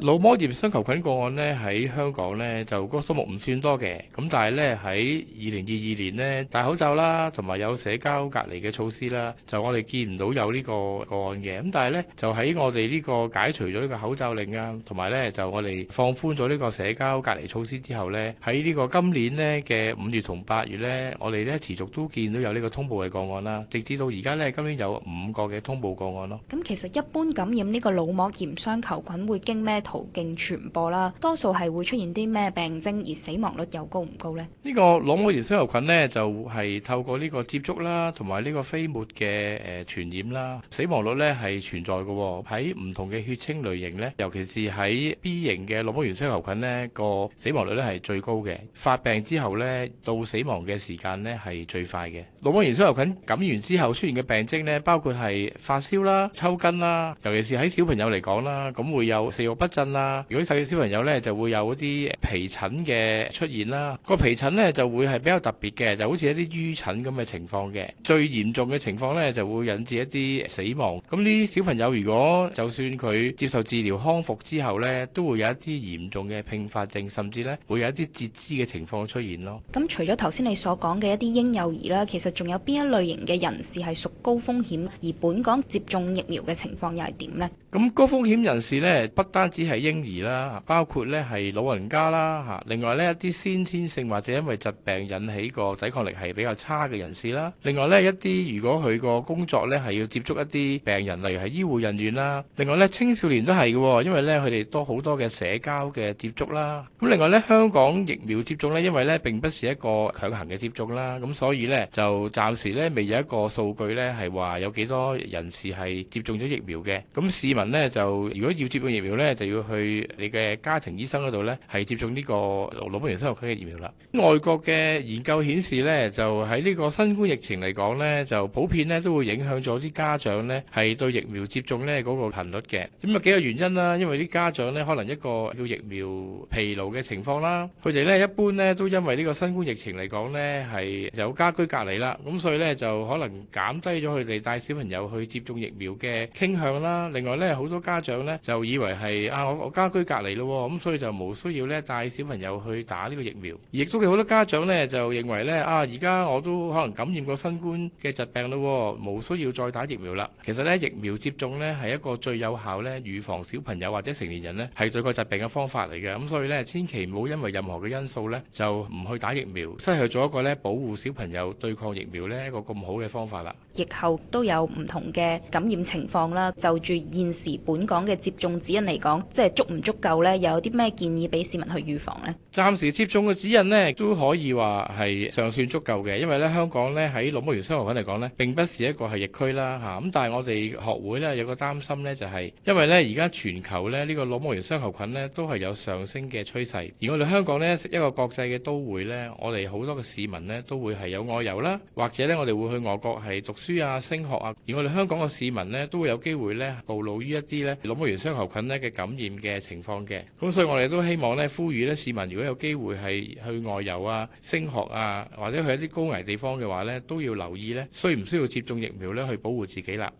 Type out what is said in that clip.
腦膜炎雙球菌個案呢，喺香港呢就個數目唔算多嘅，咁但係呢喺二零二二年呢戴口罩啦，同埋有社交隔離嘅措施啦，就我哋見唔到有呢個個案嘅，咁但係呢就喺我哋呢個解除咗呢個口罩令啊，同埋呢就我哋放寬咗呢個社交隔離措施之後呢，喺呢個今年呢嘅五月同八月呢，我哋呢持續都見到有呢個通報嘅個案啦，直至到而家呢今年有五個嘅通報個案咯。咁其實一般感染呢個腦膜炎雙球菌會經咩？途徑傳播啦，多數係會出現啲咩病徵，而死亡率又高唔高咧？呢個腦膜炎雙球菌咧就係透過呢個接觸啦，同埋呢個飛沫嘅誒傳染啦。死亡率咧係存在嘅喎，喺唔同嘅血清類型咧，尤其是喺 B 型嘅腦膜炎雙球菌咧，個死亡率咧係最高嘅。發病之後咧，到死亡嘅時間咧係最快嘅。腦膜炎雙球菌感染之後出現嘅病徵咧，包括係發燒啦、抽筋啦，尤其是喺小朋友嚟講啦，咁會有食慾不啦，如果細嘅小朋友咧，就會有一啲皮疹嘅出現啦。個皮疹咧就會係比較特別嘅，就好似一啲瘀疹咁嘅情況嘅。最嚴重嘅情況咧就會引致一啲死亡。咁呢啲小朋友如果就算佢接受治療康復之後咧，都會有一啲嚴重嘅併發症，甚至咧會有一啲截肢嘅情況出現咯。咁除咗頭先你所講嘅一啲嬰幼兒啦，其實仲有邊一類型嘅人士係屬高風險？而本港接種疫苗嘅情況又係點呢？咁高風險人士咧，不單止係嬰兒啦，包括咧係老人家啦，吓。另外咧一啲先天性或者因為疾病引起個抵抗力係比較差嘅人士啦。另外咧一啲如果佢個工作咧係要接觸一啲病人，例如係醫護人員啦。另外咧青少年都係嘅，因為咧佢哋多好多嘅社交嘅接觸啦。咁另外咧香港疫苗接種咧，因為咧並不是一個強行嘅接種啦，咁所以咧就暫時咧未有一個數據咧係話有幾多人士係接種咗疫苗嘅。咁市民。民咧就如果要接種疫苗咧，就要去你嘅家庭醫生嗰度咧，係接種呢個腦膜炎雙球菌嘅疫苗啦。外國嘅研究顯示咧，就喺呢個新冠疫情嚟講咧，就普遍咧都會影響咗啲家長咧係對疫苗接種咧嗰個頻率嘅。咁有幾個原因啦，因為啲家長咧可能一個叫疫苗疲勞嘅情況啦，佢哋咧一般咧都因為呢個新冠疫情嚟講咧係有家居隔離啦，咁所以咧就可能減低咗佢哋帶小朋友去接種疫苗嘅傾向啦。另外咧。好多家長咧就以為係啊，我我家居隔離咯，咁所以就冇需要咧帶小朋友去打呢個疫苗。亦都有好多家長咧就認為咧啊，而家我都可能感染過新冠嘅疾病咯，冇需要再打疫苗啦。其實咧疫苗接種咧係一個最有效咧預防小朋友或者成年人咧係對抗疾病嘅方法嚟嘅。咁所以咧千祈唔好因為任何嘅因素咧就唔去打疫苗，失去咗一個咧保護小朋友對抗疫苗咧一個咁好嘅方法啦。疫後都有唔同嘅感染情況啦，就住現時本港嘅接種指引嚟講，即係足唔足夠咧？又有啲咩建議俾市民去預防咧？暫時接種嘅指引咧，都可以話係尚算足夠嘅，因為咧香港咧喺腦膜炎雙球菌嚟講咧，並不是一個係疫區啦嚇。咁但係我哋學會咧有個擔心咧，就係因為咧而家全球咧呢個腦膜炎雙球菌咧都係有上升嘅趨勢。而我哋香港咧一個國際嘅都會咧，我哋好多嘅市民咧都會係有外遊啦，或者咧我哋會去外國係讀書啊、升學啊。而我哋香港嘅市民咧都會有機會咧暴露於於一啲咧，腦膜炎雙球菌咧嘅感染嘅情況嘅，咁所以我哋都希望咧，呼籲咧市民，如果有機會係去外遊啊、升學啊，或者去一啲高危地方嘅話咧，都要留意咧，需唔需要接種疫苗咧，去保護自己啦。